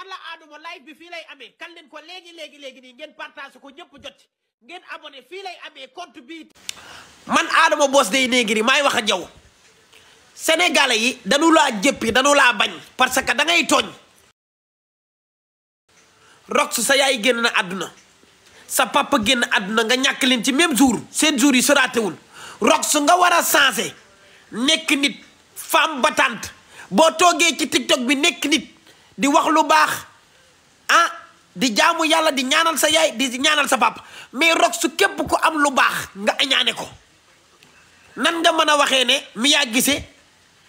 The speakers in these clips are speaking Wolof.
alla aaduma live bi fii lay amee kan leen ko léegi léegi léegi nii ngeen partage ko ñëpp jot ngeen abonné fii lay amee compte man aadama boos Dey Negri maay wax a jaw sénégalais yi dañu jëpp jëppi dañu laa bañ parce que da ngay tooñ rox sa yaay génn na àdduna sa papa génn àdduna nga ñàkk leen ci même jour seen jour yi soraatewul rox nga war a changé nekk nit femme battante boo toogee ci tiktok bi nekk nit di wax lu baax ah di jaamu yàlla di ñaanal sa yaay di ñaanal sa papa mais rog su képp ku am lu baax nga añaane ko nan nga mën a waxee ne Mia Guissé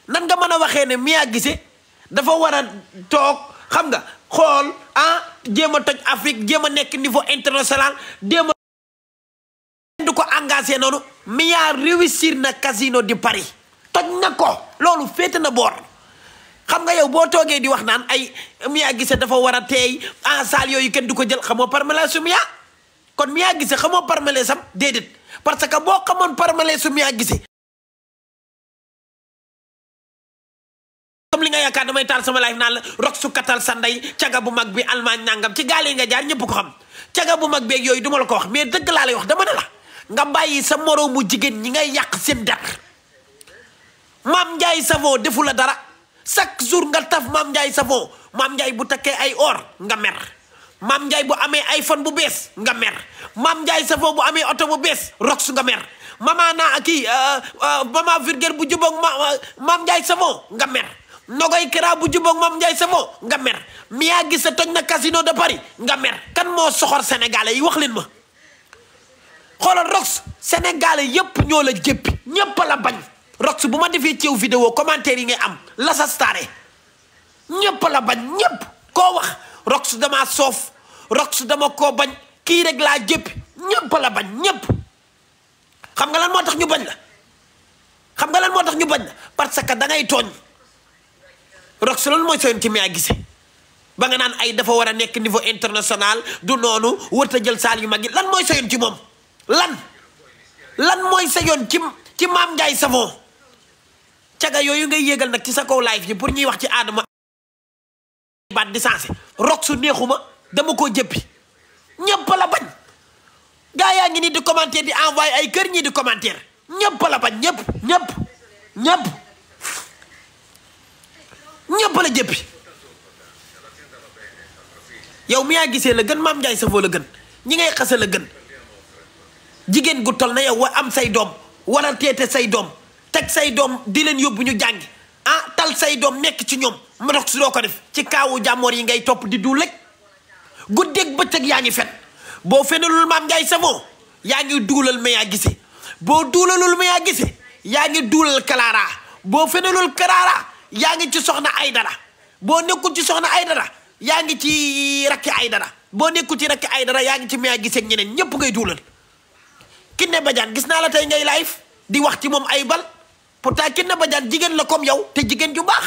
nan nga mën a waxee ne Mia Guissé dafa war a toog xam nga xool ah jéem a toj Afrique jéem a nekk niveau international jéem a du ko engage noonu Mia réussir na Casino di Paris toj na ko loolu féete na boor xam nga yow boo toogee di wax naan ay Mia Guissé dafa war a teey en yooyu kenn du ko jël xamoo parmele su Mia kon Mia Guissé xamoo parmele sam déedéet parce que boo xamoon parmele su Mia Guissé comme li nga yaakaar damay taal sama live naan la rok su katal sa ndey caga bu mag bi almaañ nàngam ci gaale nga jaar ñëpp ko xam caga bu mag beeg yooyu duma ma la ko wax mais dëgg laa lay wax dama ne la nga bàyyi sa moroomu jigéen ñi ngay yàq seen dar maam Njaay Savon defu la dara chaque jour nga taf maam Ndiaye savon maam Ndiaye bu takkee ay or nga mer maam Ndiaye bu amee iPhone bu bees nga mer maam Ndiaye savon bu amee oto bu bees rox nga mer mama naa kii euh, euh, mama virgule bu jubóog maam euh, Ndiaye savon nga mer nogoy kara bu jubóog maam Ndiaye savon nga mer Mia Guissé toj na casino de Paris nga mer kan moo soxor sénégalais yi wax leen ma xoolal rox sénégalais yépp ñoo la jéppi ñépp bañ rox bu ma defee ceew video commentaire yi ngay am la sa stare bañ ñëpp koo wax rox dama soof rox dama koo bañ kii rek laa jëpp ñëpp bañ ñëpp xam nga lan moo tax ñu bañ la xam nga lan moo tax ñu bañ parce que da ngay tooñ rox loolu mooy seen ci Mia Guissé ba nga naan ay dafa war a nekk niveau international du noonu wërta jël saal yu lan mooy sa yoon ci moom lan lan mooy sa yoon ci maam Mame Ndiaye Savon caga yooyu ngay yéegal nag ci sa kaw live yi pour ñuy wax ci Adama baat di sensé rok su neexuma dama ko jëppi ñëpp la bañ gaa yaa ngi nii di commentaire di envoyé ay kër ñii di commentaire ñëpp la bañ ñëpp ñëpp ñëpp ñëpp la jëppi yow mi yaa gisee la gën maam Ndiaye Savon la gën ñi ngay xase la gën jigéen gu tol na yow wa am say doom wala teete say doom teg say doom di leen yóbbu ñu jàngi ah tal say doom nekk ci ñoom ma dox su doo ko def ci kaawu jàmmoor yi ngay topp di dul rek guddeeg bëccëg yaa ngi fen boo fenalul maam Ndiaye Savon yaa ngi duulal Maya Guissé boo duulalul Maya gise yaa ngi duulal Clara boo fenalul Clara yaa ngi ci soxna Aydara boo nekkul ci soxna Aydara yaa ngi ci rakki ay dara boo nekkul ci rakki dara yaa ngi ci Maya Guissé ak ñeneen ñëpp ngay duulal Kiné Badiane gis naa la tey ngay lay di wax ci moom ay bal pourtant na Badiane jigéen la comme yow te jigéen ju baax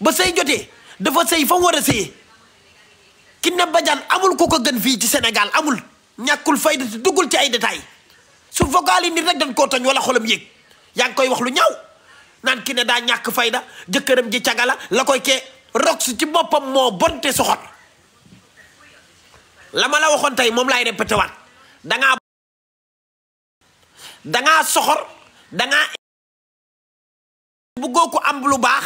ba sëy jotee dafa sëy fa war a sëyee Kine Badiane amul ko ko gën fii ci senegal amul ñàkkul fayda te duggul ci ay détails su vocal yi nit rek dañ koo toñ wala xolam yéeg yaa ngi koy wax lu ñaw naan Kine daa ñàkk fayda jëkkëram ji cagala la koy kee rox ci boppam moo bonte soxot la la waxoon tey moom lay répété waat dangaa soxor dangaa bëggoo ko am lu baax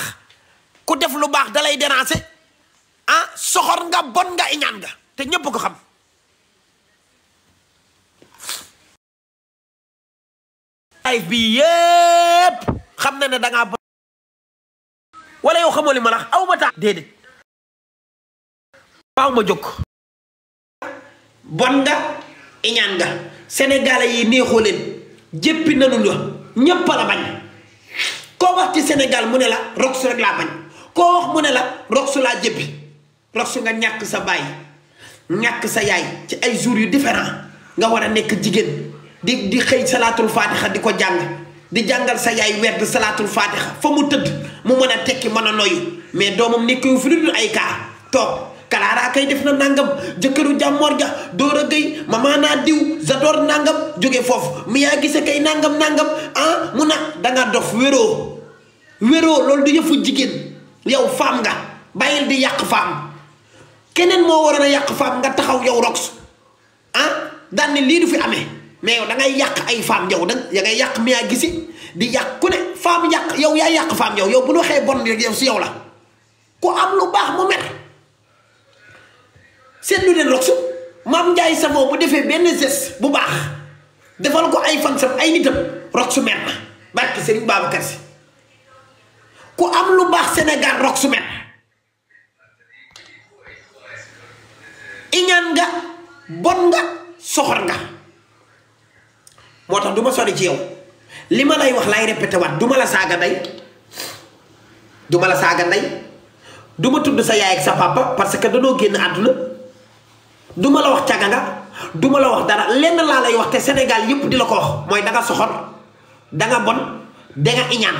ku def lu baax dalay déranger ah soxor nga bon nga iñaan nga te ñépp ko xam live bi yépp xam na ne dangaa bon wala yow xamoo li ma aw ma taa déedéet waaw ma jóg bon nga iñaan nga sénégalais yi neexoo leen jéppi nanu la ñépp la bañ koo wax ci Sénégal mu ne la Rox rek laa bañ koo wax mu ne la Rox laa jëppi Rox nga ñàkk sa baay ñàkk sa yaay ci ay jours yu différent nga war a nekk jigéen di di xëy salaatul faatixa di ko jàng di jàngal sa yaay werd salaatul faatixa fa mu tëdd mu mën a tekki mën a noyyu mais doomam nekk yu fi dul ay kaa toog kalaaraa kay def na nangam jëkkëru jàmmoor ga door a ma gëy naa diw zadoor nangam jóge foofu mu yaa gise kay nangam nangam ah mu na danga dof wéroo wéroo loolu du yëfu jigéen yow faam nga bàyyil di yàq faam keneen moo waroon a yàq faam nga taxaw yow rox ah daan ne lii du fi amee mais yow dangay yàq ay faam yow da ya ngay yàq miyaa gisi di yàq ku ne faam yàq yow yaa yàq faam yow yow bu ñu waxee bon yow si yow la ku am lu baax mu mer seetlu leen roxsu maam Ndiaye Savon bu defee benn geste bu baax defal ko ay fansam ay nitam roxsu mel na barke Serigne Babacar Sy ku am lu baax Sénégal roxsu mel iñaan nga bon nga soxor nga moo tax du ma ci yow li ma lay wax laay répété waat du ma la saaga ndey du ma la saaga ndey du ma tudd sa yaay ak sa papa parce que danoo génn àdduna duma la wax caga nga du la wax dara lenn laa lay wax te Sénégal yëpp di la ko wax mooy da nga soxor bon da iñaan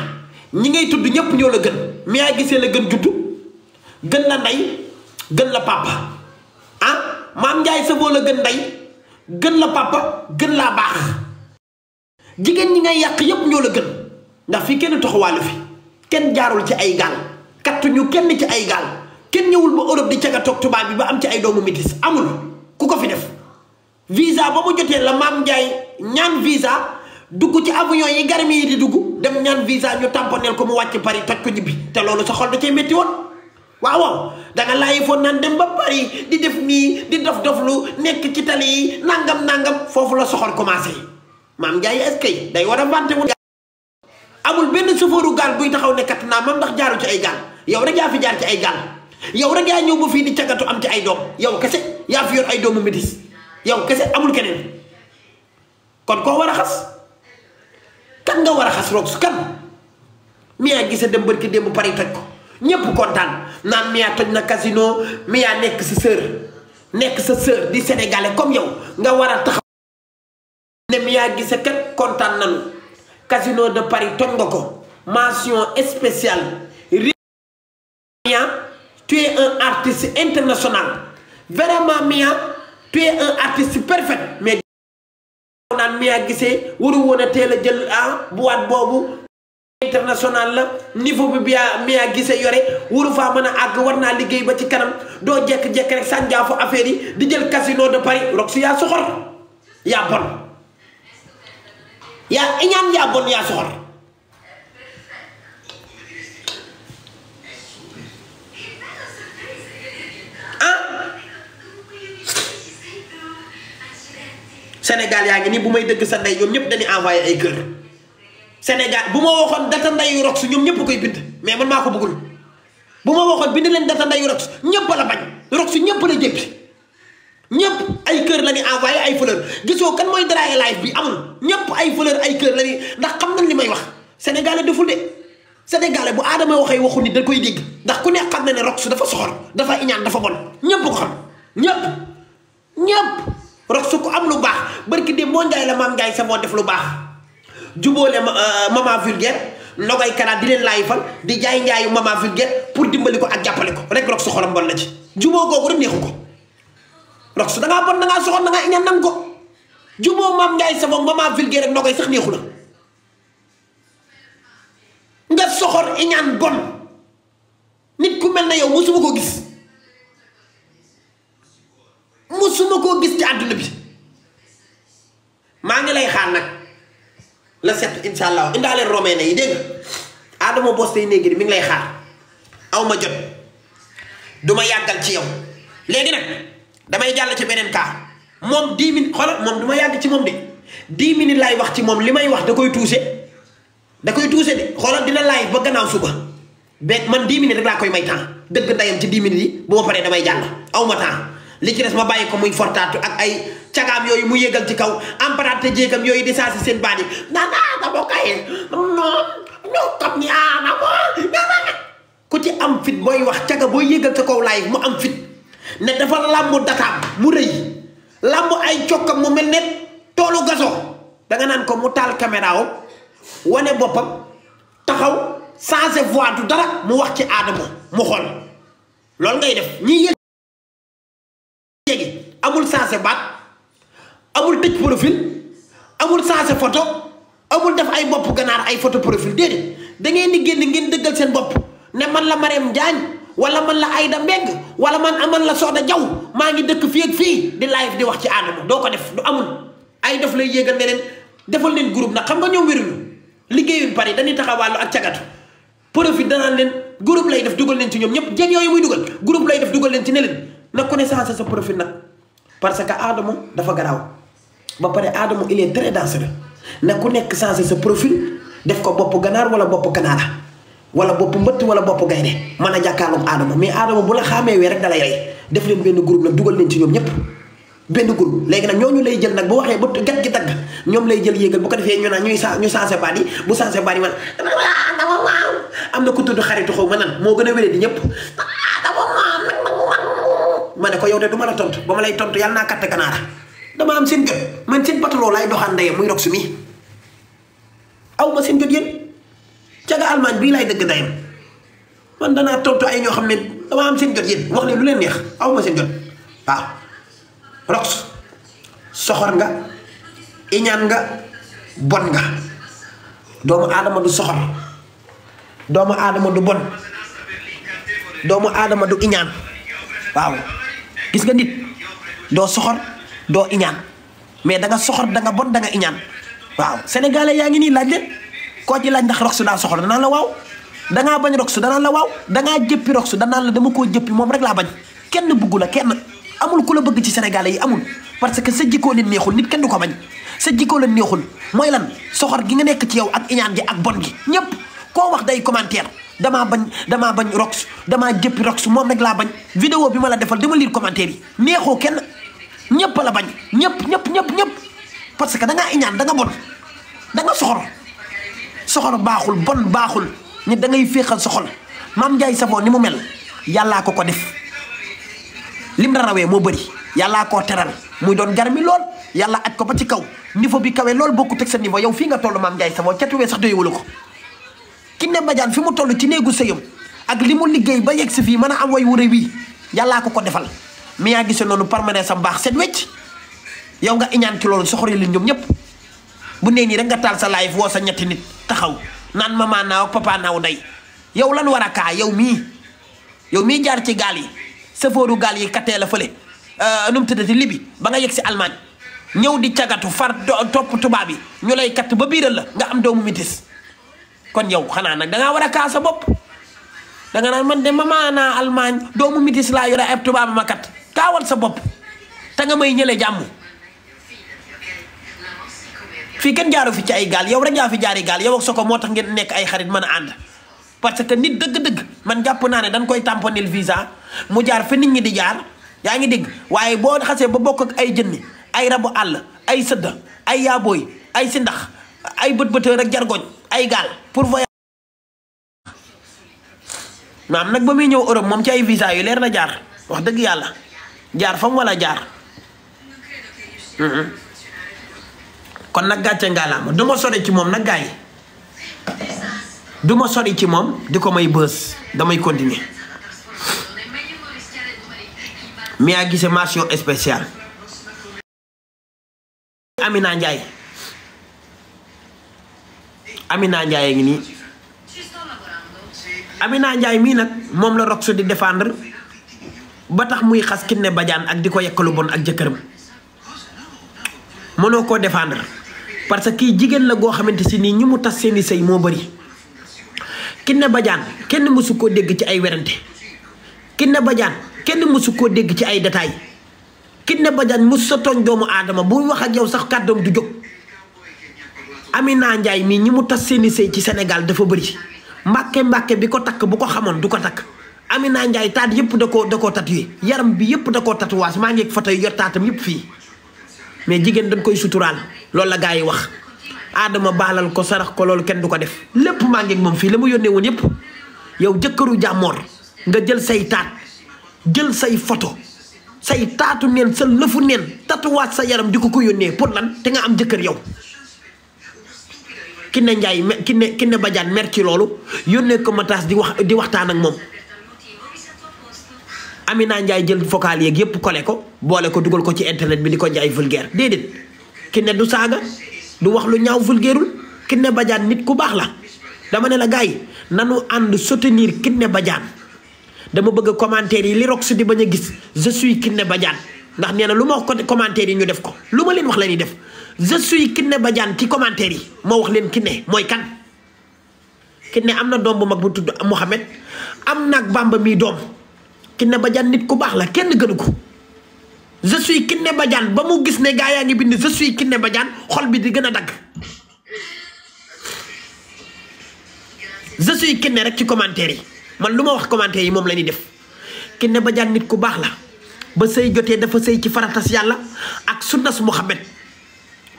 ñi ngay tudd ñëpp ñoo la gën mi yaa gisee la gën juddu gën la ndey gën la papa ah maam Ndiaye Savon la gën ndey gën la papa gën laa baax jigéen ñi ngay yàq yëpp ñoo la gën ndax fi kenn toxuwaalu fi kenn jaarul ci ay gaal kattuñu kenn ci ay gaal. kenn ñëwul ba Europe di caga toog tubaab bi ba am ci ay doomu métis amul ku ko fi def visa ba mu jotee la maam njaay ñaan visa dugg ci avion yi garmi yi di dugg dem ñaan visa ñu tamponeel ko mu wàcc Paris toj ko ñibbi te loolu sa xol da cee métti woon waaw waaw da nga laay naan dem ba Paris di def nii di dof doflu nekk ci tali yi nangam nangam foofu la soxor commencé maam Ndiaye est-ce que day war a bante wu amul benn sofooru gaal buy taxaw ne kat naa mam ndax jaaru ci ay gaal yow rek yaa fi jaar ci ay gaal yow rek yaa ñëw ba fii di cagatu am ci ay doom yow kese yaa fi yor ay doomu métis yow kese amul keneen kon koo war a xas kan nga war a xas roog su kan Mia Guissé dem bërki démb Paris toj ko ñépp kontaan naan Mia toj na casino Mia nekk sa sœur nekk sa sœur di sénégalais comme yow nga war a taxaw ne Mia Guissé kat kontaan nanu casino de Paris toj nga ko mention spéciale tu es un artiste international vraiment Mia tu es artiste parfait mais Mia Guissé waru woon a teel a jël ah boîte boobu international la niveau bi Mia Mia yore waru fa mën a àgg war naa liggéey ba ci kanam doo jekk-jekk rek sànjaafu affaire yi di jël casino de Paris Roxy yaa soxor yaa bon yaa bon yaa soxor Sénégal yaa ngi nii bu may dëgg sa ndey ñoom ñëpp dañuy envoyé ay kër Sénégal bu ma waxoon data ndeyu rox ñoom ñëpp koy bind mais man maa ko bëggul bu ma waxoon bind leen data ndeyu rox ñëpp la bañ rox ñëpp la jéppi ñëpp ay kër la envoyé ay fleur gisoo kan mooy Dragé Live bi amul ñëpp ay fleur ay kër la ñuy xam nañ li may wax sénégalais deful de sénégalais bu aadama waxee waxu nit da koy dégg ndax ku ne xam na ne rox dafa soxor dafa iñaan dafa bon ñëpp ko xam ñëpp ñëpp. rox su ko am lu baax barki de moo njaay la maam njaay sa def lu baax juboo jubóole euh, maman vulgaire nogay kanaat di leen laay fan di jaay njaayu maman vulgaire pour dimbali ko ak jàppale ko rek rox su xolam bon na ci juboo googu rek neexu ko rox su da ngaa sax neexu la nga soxor iñaan bon nit ku mel na yow mosuma ko gis ma gis ci àdduna bi maa ngi lay xaar nag la set insha allah indaale romaine yi dégg aadama Bosse tey néegi mi ngi lay xaar aw ma jot du ma yàggal ci yow léegi nag damay jàll ci beneen cas moom dix minutes xoolal moom du ma yàgg ci moom de dix minutes laay wax ci moom li may wax da koy tuuse da koy tuuse de xoolal dina laay ba gannaaw suba be man dix minutes rek laa koy may temps dëgg ndayam ci dix minutes yi bu ma paree damay jàll aw ma temps li ci des ma bàyyi ko muy fortaatu ak ay cagaam yooyu mu yégal ci kaw emprunté jéegam yooyu di saa si seen baat yi danaata ah, ba kay noon ñoo kam ñaana ko ku ci am fit booy wax caga booy yëgal ca laay mu am fit ne dafa làmb dataam ay cokkam mu mel ne toolu gaso danga naan ko mu taal caméra wam wane boppam taxaw changé voix du dara mu wax ci aadama mu xool loolu ngay def ñi amul changé baat amul tëj profil amul changé photo amul def ay bopp ganaar ay photo profil déedéet da ngeen di génn ngeen dëggal seen bopp ne man la mareem Diagne wala man la ay Ayda Mbeng wala man aman la Soda Jaw maa ngi dëkk fii ak fii di live di wax ci Adama doo ko def du amul ay def lay yéegal ne leen defal leen groupe nag xam nga ñoom wéruñu liggéeyuñ pare dañuy taxawàllu ak cagatu profit danaan leen groupe lay def dugal leen ci ñoom ñëpp jéeg yooyu muy dugal groupe lay def dugal leen ci ne leen na connaissance sa profil nag parce que Adamo dafa garaaw ba pare Adamo il est très dangereux na ku nekk changé sa profil def ko bopp ganaar wala bopp kanaara wala bopp mbëtt wala bopp gaynde mën a jàkkaarloog Adamo mais Adamo bu la xaamee wee rek da lay def leen benn groupe dugal leen ci ñoom ñëpp benn groupe léegi nag ñooñu lay jël nag bu waxee ba gat gi dagg ñoom lay jël yéegal bu defee ñu naan ñuy sa ñu sensé baat bu sensé baat yi ah, am na ku tudd xaritu xaw ma nan moo gën a wéree di ñëpp ah, ma ne ko yow de du ma la tontu ba ma lay tontu yàlla naa katte ganaara dama am seen jot man seen bataloo laay doxaan ndeyam muy rog su mi aw ma seen jot yéen caga almaañ bii laay dëgg ndeyam man danaa tontu ay ñoo xam ne dama am seen jot yéen lu leen neex aw ma seen jot waaw rox soxor nga iñaan nga bon nga doomu aadama du soxor doomu aadama du bon doomu aadama du iñaan waaw gis nga nit doo soxor doo iñaan mais da nga soxor da nga bon danga iñaan waaw sénégalais yaa ngi nii laaj leen koo ci laaj ndax Roxsu daa soxor danaa la waaw dangaa bañ Roxsu danaa la waaw dangaa jëppi Roxsu danaa la dama koo jëppi moom rek laa bañ kenn bugg la kenn amul ku la bëgg ci sénégalais yi amul parce que sa jikkoo leen neexul nit kenn du ko bañ sa jikkoo leen neexul mooy lan soxor gi nga nekk ci yow ak iñaan gi ak bon gi ñëpp koo wax day commentaire damaa bañ damaa bañ rox damaa jëppi rox moom rek laa bañ vidéo bi ma la defal dama lire commentaire yi neexoo kenn ñëpp la bañ ñëpp ñëpp ñëpp ñëpp parce que da ngaa iñaan da nga bon da nga soxor soxor baaxul bon baaxul ni da ngay féexal soxol maam Ndiaye Savon ni mu mel yàllaa ko ko def lim la rawee moo bëri yàllaa koo teral muy doon garmi lool yàlla aj ko ba ci kaw niveau bi kawee lool bokkut ak sa niveau yow fii nga toll maam Ndiaye Savon ca tuwee sax doyewul ko Kiné Badiane fi mu toll ci néegu sëyam ak li mu liggéey ba yegg si fii mën a am way wure wii yàllaa ko ko defal mi yaa gise noonu permanence sa mbaax set wecc yow nga iñaan ci loolu soxoree leen ñoom ñëpp bu nee nii rek nga taal sa laay woo sa ñetti nit taxaw naan mama naaw ak papa naaw day yow lan war a kaa yow mii yow mii jaar ci gaal yi safooru gaal yi katee la fële euh, nu mu tëddati libi ba nga yegg si Allemagne ñëw di cagatu far topp tubaab yi ñu lay katt ba biiral la nga am doomu mitis kon yow xanaa nag da war a kaas sa bopp danga naan man de mamaanaa Allemagne doomu mitis laa yore ab tubaab ma kaawal sa bopp te may ñële jàmm. fii kenn jaaru fi ci ay gaal yow rek yaa fi jaari gaal yow ak Soko moo tax ngeen nekk ay xarit mën a ànd parce que nit dëgg-dëgg man jàpp naa ne dañ koy tamponil visa mu jaar fi nit ñi di jaar yaa ngi dégg waaye boo xasee ba bokk ay jën ay rabu àll ay sëdda ay yaabooy ay sindax ay bët bëtër ak jargoñ ay gaal. pour voyage maam nag ba muy ñëw Europe moom ci ay visa yu leer na jaar wax dëgg yàlla jaar fam wala jaar mm-hmm. kon nag gàcce ngaalaama du ma sori ci moom nag gars yi du sori ci moom di ko may bës damay continuer Mia Guissé mention spéciale Ndiaye Amina a ngi nii Amina njaay mii nag moom la Rox di défendre ba tax muy xas kinne Badiane ak di ko yekkalu lu bon ak jëkkëram mënoo koo défendre parce que kii jigéen la goo xamante si nii ñi mu tas seeni sëy moo bëri Kiné Badiane kenn mësu koo dégg ci ay werante Kiné Badiane kenn mësu koo dégg ci ay détails Kiné Badiane mës sa tooñ doomu aadama bu wax ak yow sax kàddoom du jóg naa njaay mii ñi mu tas seeni sëy ci senegal dafa bari mbàkke mbàkke bi ko takk bu ko xamoon du ko takk naa Ndiaye taat yëpp da koo da koo tatué yaram bi yëpp da koo tatuwaas maa ngi fa tey yor yëpp fii mais jigéen dañ koy suturaal loolu la gaa yi wax. Adama baalal ko sarax ko loolu kenn du ko def lépp maa ngi moom fii la mu yónnee woon yow jëkkëru jàmmoor nga jël say taat jël say photo say taatu neen sa lëfu neen tatuwaas sa yaram di ko ko yónnee pour lan te nga am jëkkër yow. Kiné Ndiaye me Kiné Kiné Badiane mer ci loolu yónnee ko Matas di wax di waxtaan ak moom. Amina Ndiaye jël vocal yeeg yëpp kole ko boole ko dugal ko ci internet bi di ko jaay vulgaire déedéet Kiné du saaga du wax lu ñaaw vulgairul Kiné Badiane nit ku baax la. dama ne la gars yi nanu ànd soutenir Kiné Badiane dama bëgg commentaire yi li rox di bañ a gis je kinne Kiné ndax nee na lu ma wax ko commentaire yi ñu def ko lu ma leen wax la ñuy def. je suis kinne Badiane ci commentaire yi moo wax leen Kiné mooy kan Kiné am na doom bu mag bu tudd Mohamed am nag Bamba mii doom Kiné Badiane nit ku baax la kenn gënu ko je suis Kiné Badiane ba mu gis ne gaa yaa ngi bind je suis Kiné Badiane xol bi di gën a dagg je suis Kiné rek ci commentaire yi man lu ma wax commentaire yi moom lañuy def Kiné Badiane nit ku baax la ba sëy jotee dafa sëy ci faratas yàlla ak sunnas Mohamed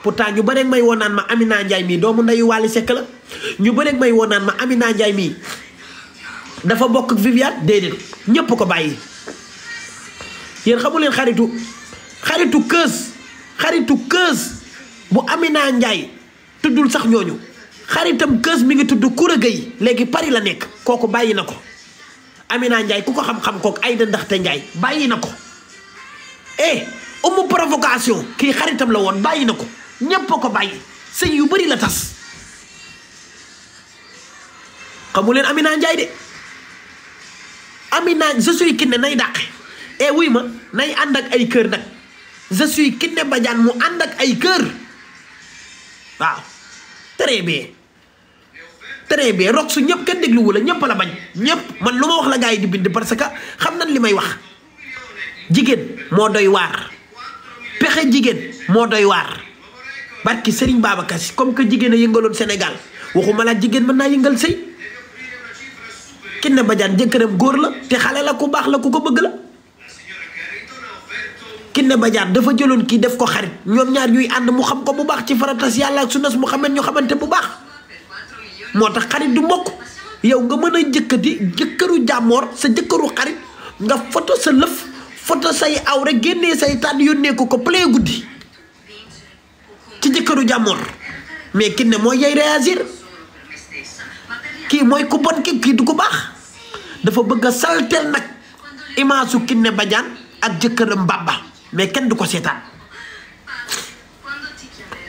pourtant ñu bëreeg may won naan ma Amina Ndiaye mii doomu ndeyu Wally Seck la ñu bëreeg may woon naan ma Amina Ndiaye mii dafa bokk ak Viviane déedéet ñëpp ko bàyyi. yéen xamuleen xaritu xaritu kës xaritu kees bu Amina Ndiaye tuddul sax ñooñu xaritam kës mi ngi tudd Koura Gueye léegi Paris la nekk kooku bàyyi na ko. Amina Ndiaye ku ko xam-xam kook ay da ndaxte Ndiaye bàyyi na ko eh umu provocation kii xaritam la woon bàyyi na ko ñépp a ko bàyyi sëñ yu bari la tas xamu leen Amina Njaay de Amina je suis Kiné nay dàqe e wuy ma nay ànd ak ay kër nag je suis Kiné Badiane mu ànd ak ay kër waaw très bien tere bien rox su ñëpp kenn dégluwu la ñëpp la bañ ñëpp man lu ma wax la gars yi di bind parce que xam na li may wax jigéen moo doy waar pexe jigéen moo doy waar barki Serigne Babacar Sy comme que jigéen a yëngaloon Sénégal waxuma laa jigéen mën naa yëngal sëy Kiné Badiane jëkkëram góor la te xale la ko baax la ko ko bëgg la Kiné bajaan dafa jëloon kii def ko xarit ñoom ñaar ñuy ànd mu xam ko bu baax ci faratas yàlla ak sunnas Muhammad ñu xamante bu baax moo tax xarit du mokk yow nga mën a jëkkati jëkkëru jàmmoor sa jëkkëru xarit nga foto sa lëf foto say aw rek génnee say yónnee ko ko play guddi ci jëkkëru jàmmoor mais ki mooy yay réagir kii mooy ku bon ki kii du ko baax dafa bëgg a saltel nag image su Kiné Badiane ak jëkkëram Baba mais kenn du ko seetaan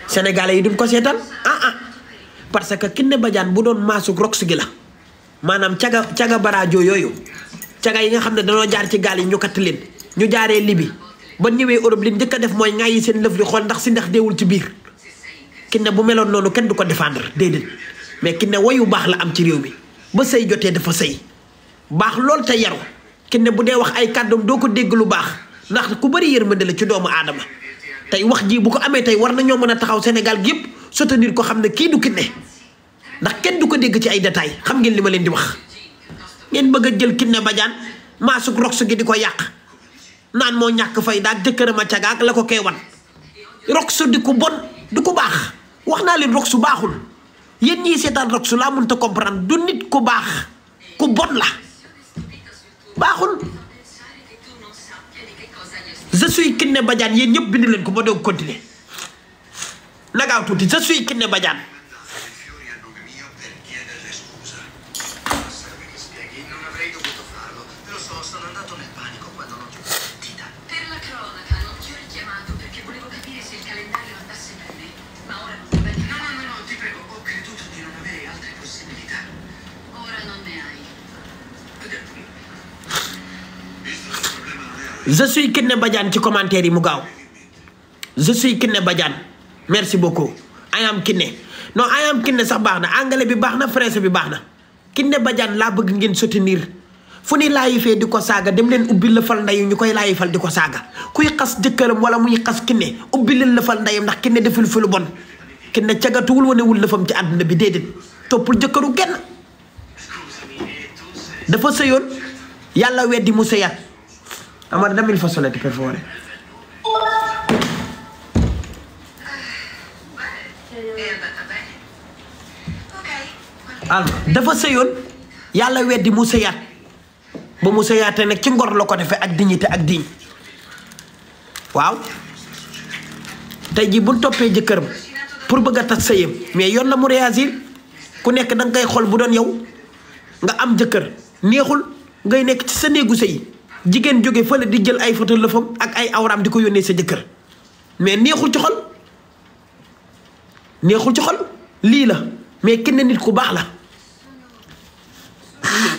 sénégalais yi du ko seetaan ah ah parce que Kiné Badiane bu doon maasu rox gi la maanaam caga caga baraajo yooyu caga yi nga xam ne danoo jaar ci gaal yi ñu katt leen ñu jaaree libi ba ñëwee Europe li njëkk a def mooy ŋaay yi seen lëf li xool ndax si ndax deewul ci biir Kiné bu meloon noonu kenn du ko défendre déedéet mais Kiné wayu baax la am ci réew mi ba sëy jotee dafa sëy baax lool te yaru Kiné bu dee wax ay kàddum doo ko dégg lu baax ndax ku bëri yërmande la ci doomu aadama tey wax jii bu ko amee tey war nañoo mën a taxaw senegal gi yëpp soutenir ko xam ne kii du Kiné ndax kenn du ko dégg ci ay détails xam ngeen li ma leen di wax ngeen bëgg a jël Kiné Badiane maasuk rox gi di ko yàq naan moo ñàkk fay daal jëkkëram a cagaag la ko koy du ko baax wax naa leen rox su baaxul yéen ñii seetaan rox su laa mën ta comprendre du nit ku baax ku bon la baaxul je suis Kiné Badiane yéen ñëpp bind leen ko ma doog continuer nagaaw tuuti je suis Kiné Badiane je suis Kiné ci commentaire yi mu gaaw je suis Kiné merci beaucoup I am Kiné non I sax baax na anglais bi baax na français bi baax na Kiné Badiane laa bëgg ngeen soutenir fu ni laayifee di ko saaga dem leen ubbi lëfal ndeyu ñu koy laayifal di kuy xas jëkkëram wala muy xas Kiné ubbi leen lëfal ndeyam ndax Kiné deful fi lu bon Kiné cagatuwul wanewul lëfam ci àdduna bi déedéet toppul jëkkëru genn dafa sëyoon yàlla weddi mu sëyaat Amara dammi il fazzoletto dafa sëyoon yàlla weddi mu sëyaat ba mu sëyaatee nag ci ngor la ko defee ak dignité ak diñ waaw tey jii bu toppee jëkkëram pour bëgg a tas sëyam mais yoon na mu réagir ku nekk danga koy xool bu doon yow nga am jëkkër neexul ngay nekk ci sa néegu sëy jigéen jóge fële di jël ay photo lëfam ak ay awraam di ko yónnee sa jëkkër mais neexul ci xol neexul ci lii la mais kenn nit ku baax la ah.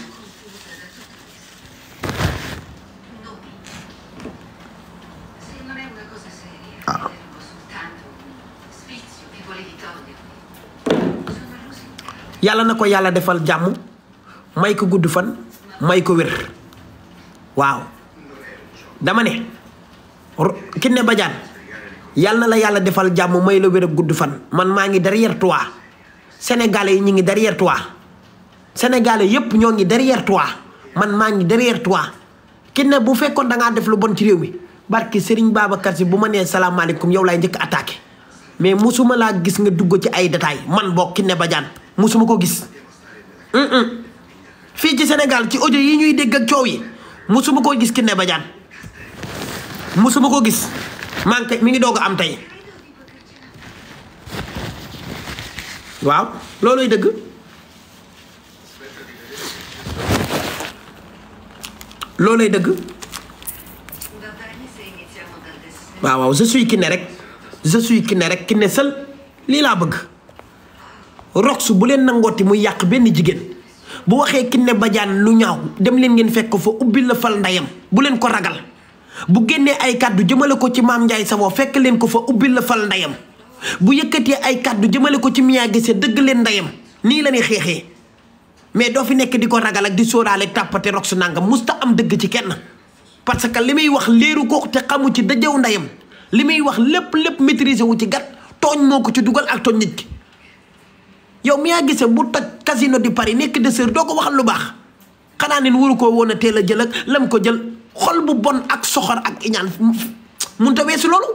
yàlla na ko yàlla defal jàmm may ko gudd fan may ko wér waaw dama ne Kiné Badiane yàlla na la yàlla defal jàmm may la wér gudd fan man maa ngi derrière toi sénégalais yi ñu ngi derrière toi sénégalais ñoo ngi derrière toi man maa ngi derrière toi Kiné bu fekkoon da def lu bon ci réew mi barki Serigne Babacar si bu ma nee salaamaaleykum yow laay njëkk attaqué mais musuma laa gis nga dugg ci ay détails man boo Kiné Badiane musuma ko gis fii ci senegal ci audio yi ñuy dégg ak coow yi musuma koo gis Kiné Badiane musuma ko gis maa ngi mi ngi doog a am tey waaw looloy dëgg loolu looloy dëgg waaw waaw je suis Kiné rek je suis Kiné rek Kiné seul lii laa bëgg rox bu leen nangooti mu yàq benn jigéen bu waxee Kiné Badiane lu ñaaw dem leen ngeen fekk ko fa ubbi la fal ndeyam bu leen ko ragal bu génnee ay kàddu jëmale ko ci maam Ndiaye Savon fekk leen ko fa ubbi la fal ndeyam bu yëkkatee ay kàddu jëmale ko ci Mia Guissé dëgg leen ndeyam nii la ñuy xeexee mais doo fi nekk di ko ragal ak di sóoraale tàppate rox su nangam musta am dëgg ci kenn. parce que li muy wax léeru ko te xamu ci dajew ndeyam li muy wax lépp lépp maîtriser wu ci gat tooñ moo ko ci dugal ak tooñ nit ki. yow mi yaa gisee bu toj casino di Paris nekk de seur doo ko waxal lu baax xanaa ne waru koo woon a teel a jël ak lam ko jël xol bu bon ak soxor ak iñaan munta weesu loolu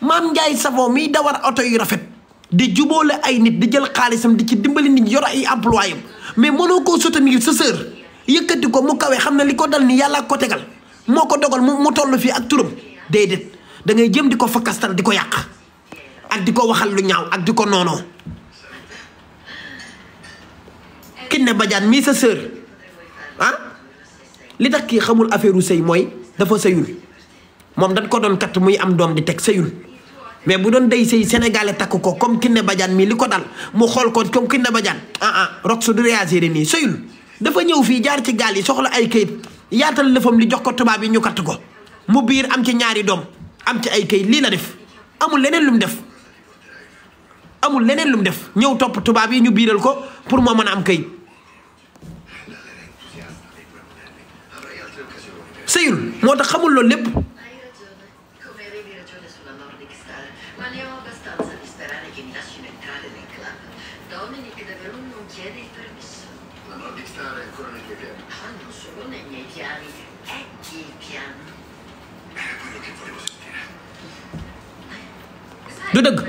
maam Ndiaye Savon miy dawar oto yu rafet di jubóole ay nit di jël xaalisam di ci dimbali nit yor ay employé mais mënoo koo soutenir sa sœur yëkkati ko mu kawee xam ne li ko dal ni yàlla ko tegal moo ko dogal mu toll fii ak turam déedéet da ngay jëm di ko fakkastal di ko yàq ak di ko waxal lu ñaaw ak di ko noonoo ne bajaan mii sa sœur ah li tax kii xamul affaire u sëy mooy dafa sëyul moom dañ ko doon kat muy am doom di teg sëyul mais bu doon dey sëy sénégalais takk ko comme Kiné Badiane mii li ko dal mu xool ko comme Kiné Badiane ah ah rox su du réagir nii sëyul dafa ñëw fii jaar ci gaal yi soxla ay kayit yaatal lëfam li jox ko tubaab yi ñu katt ko mu biir am ci ñaari doom am ci ay kayit lii la def amul leneen lu mu def amul leneen lu mu def ñëw topp tubaab yi ñu biiral ko pour moo mën a am kayit sëyul moo tax xamul loolu lépp. du dëgg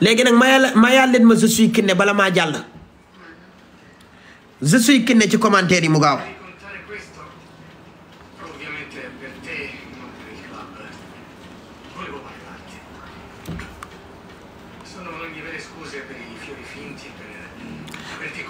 léegi nag ma yàlla ma yàlla leen ma je suis Kiné bala maa jàll je suis Kiné ci commentaire yi mu gaaw.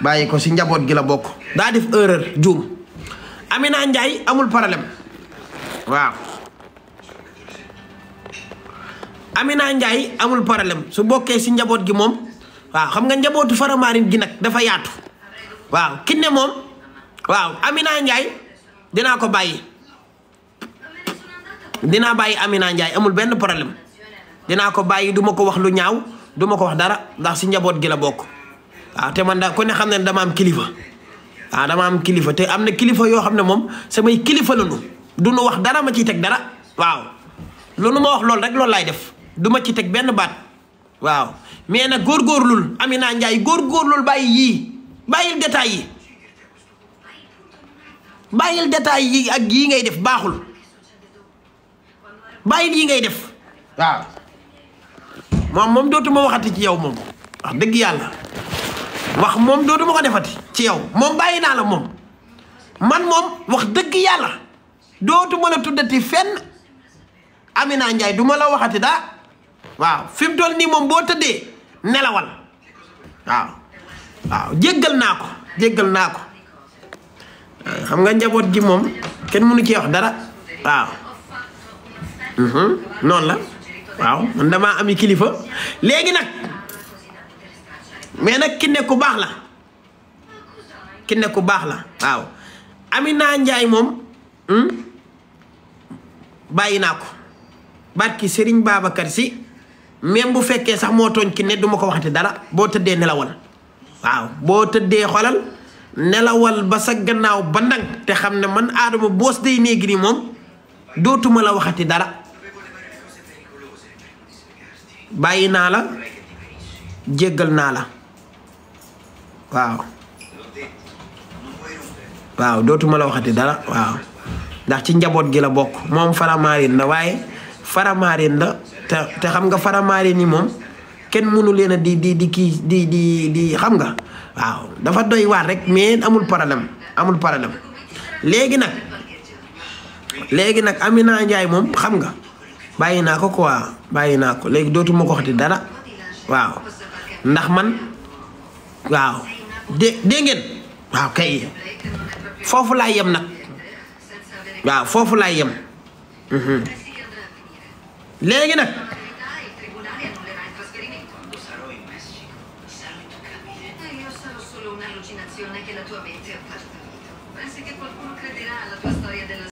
bàyyi ko si njaboot gi la bokk. daa def erreur juum Amina njaay amul problème waaw Amina Ndiaye amul problème su bokkee si njaboot gi moom waaw xam nga njabootu Faramaren gi nag dafa yaatu waaw Kiné moom waaw Amina Ndiaye dinaa ko bàyyi dinaa bàyyi Amina njaay amul benn problème dinaa ko bàyyi duma ko wax lu ñaaw duma ko wax dara ndax si njaboot gi la bokk. waaw ah, te man daa ku ne xam ne dama am kilifa waaw ah, dama kilifa te am na kilifa yoo xam ne moom samay kilifa la du nu wax dara ma ci teg dara waaw lu ma wax lool rek loolu laay def du ma ci teg benn baat waaw mais nag góorgóorlul Amina Ndiaye góorgóorlul bàyyi yii bàyyi détails yi bàyyil détails yi ak yii ngay def baaxul bàyyil yi ngay def waaw moom moom dootuma waxati ci yow moom wax dëgg yàlla wax moom dootuma ko defati ci yow moom bàyyi naa la moom man moom wax dëgg yàlla dootuma la tuddati fenn Amina njaay du ma la waxati da waaw fi mu toll nii moom boo tëddee nelawal waaw waaw naa ko jéggal naa ko xam nga njaboot gi moom kenn mënu ci wax dara waaw mhm. noonu la waaw man damaa ami kilifa léegi nag mais nag ki ne ku baax la ki ne ku baax la waaw Amina Njaay moom hmm, bàyyi naa ko barki sëriñ Babacar si même bu fekkee sax moo tooñ ki ne duma ko waxante dara boo tëddee nelawal waaw boo tëddee xolal nelawal ba sa gannaaw ba ndang te xam ne man aadama boos day néegi ni moom dootuma la waxati dara bàyyi naa la jéggal naa la waaw waaw dootuma la waxati dara waaw ndax ci njaboot gi la bokk moom faramarin la waaye faramarin la te xam nga faramarin yi moom kenn mënu leen a di di di kii di di di xam nga waaw dafa doy waar rek mais amul problème amul problème léegi nag léegi nag Amina Ndiaye moom xam nga bàyyi naa ko quoi bàyyi naa ko léegi dootuma ko waxati dara waaw ndax man waaw dé dégg ngeen waaw kay foofu laa yem nag waaw foofu yem mhm. léegi na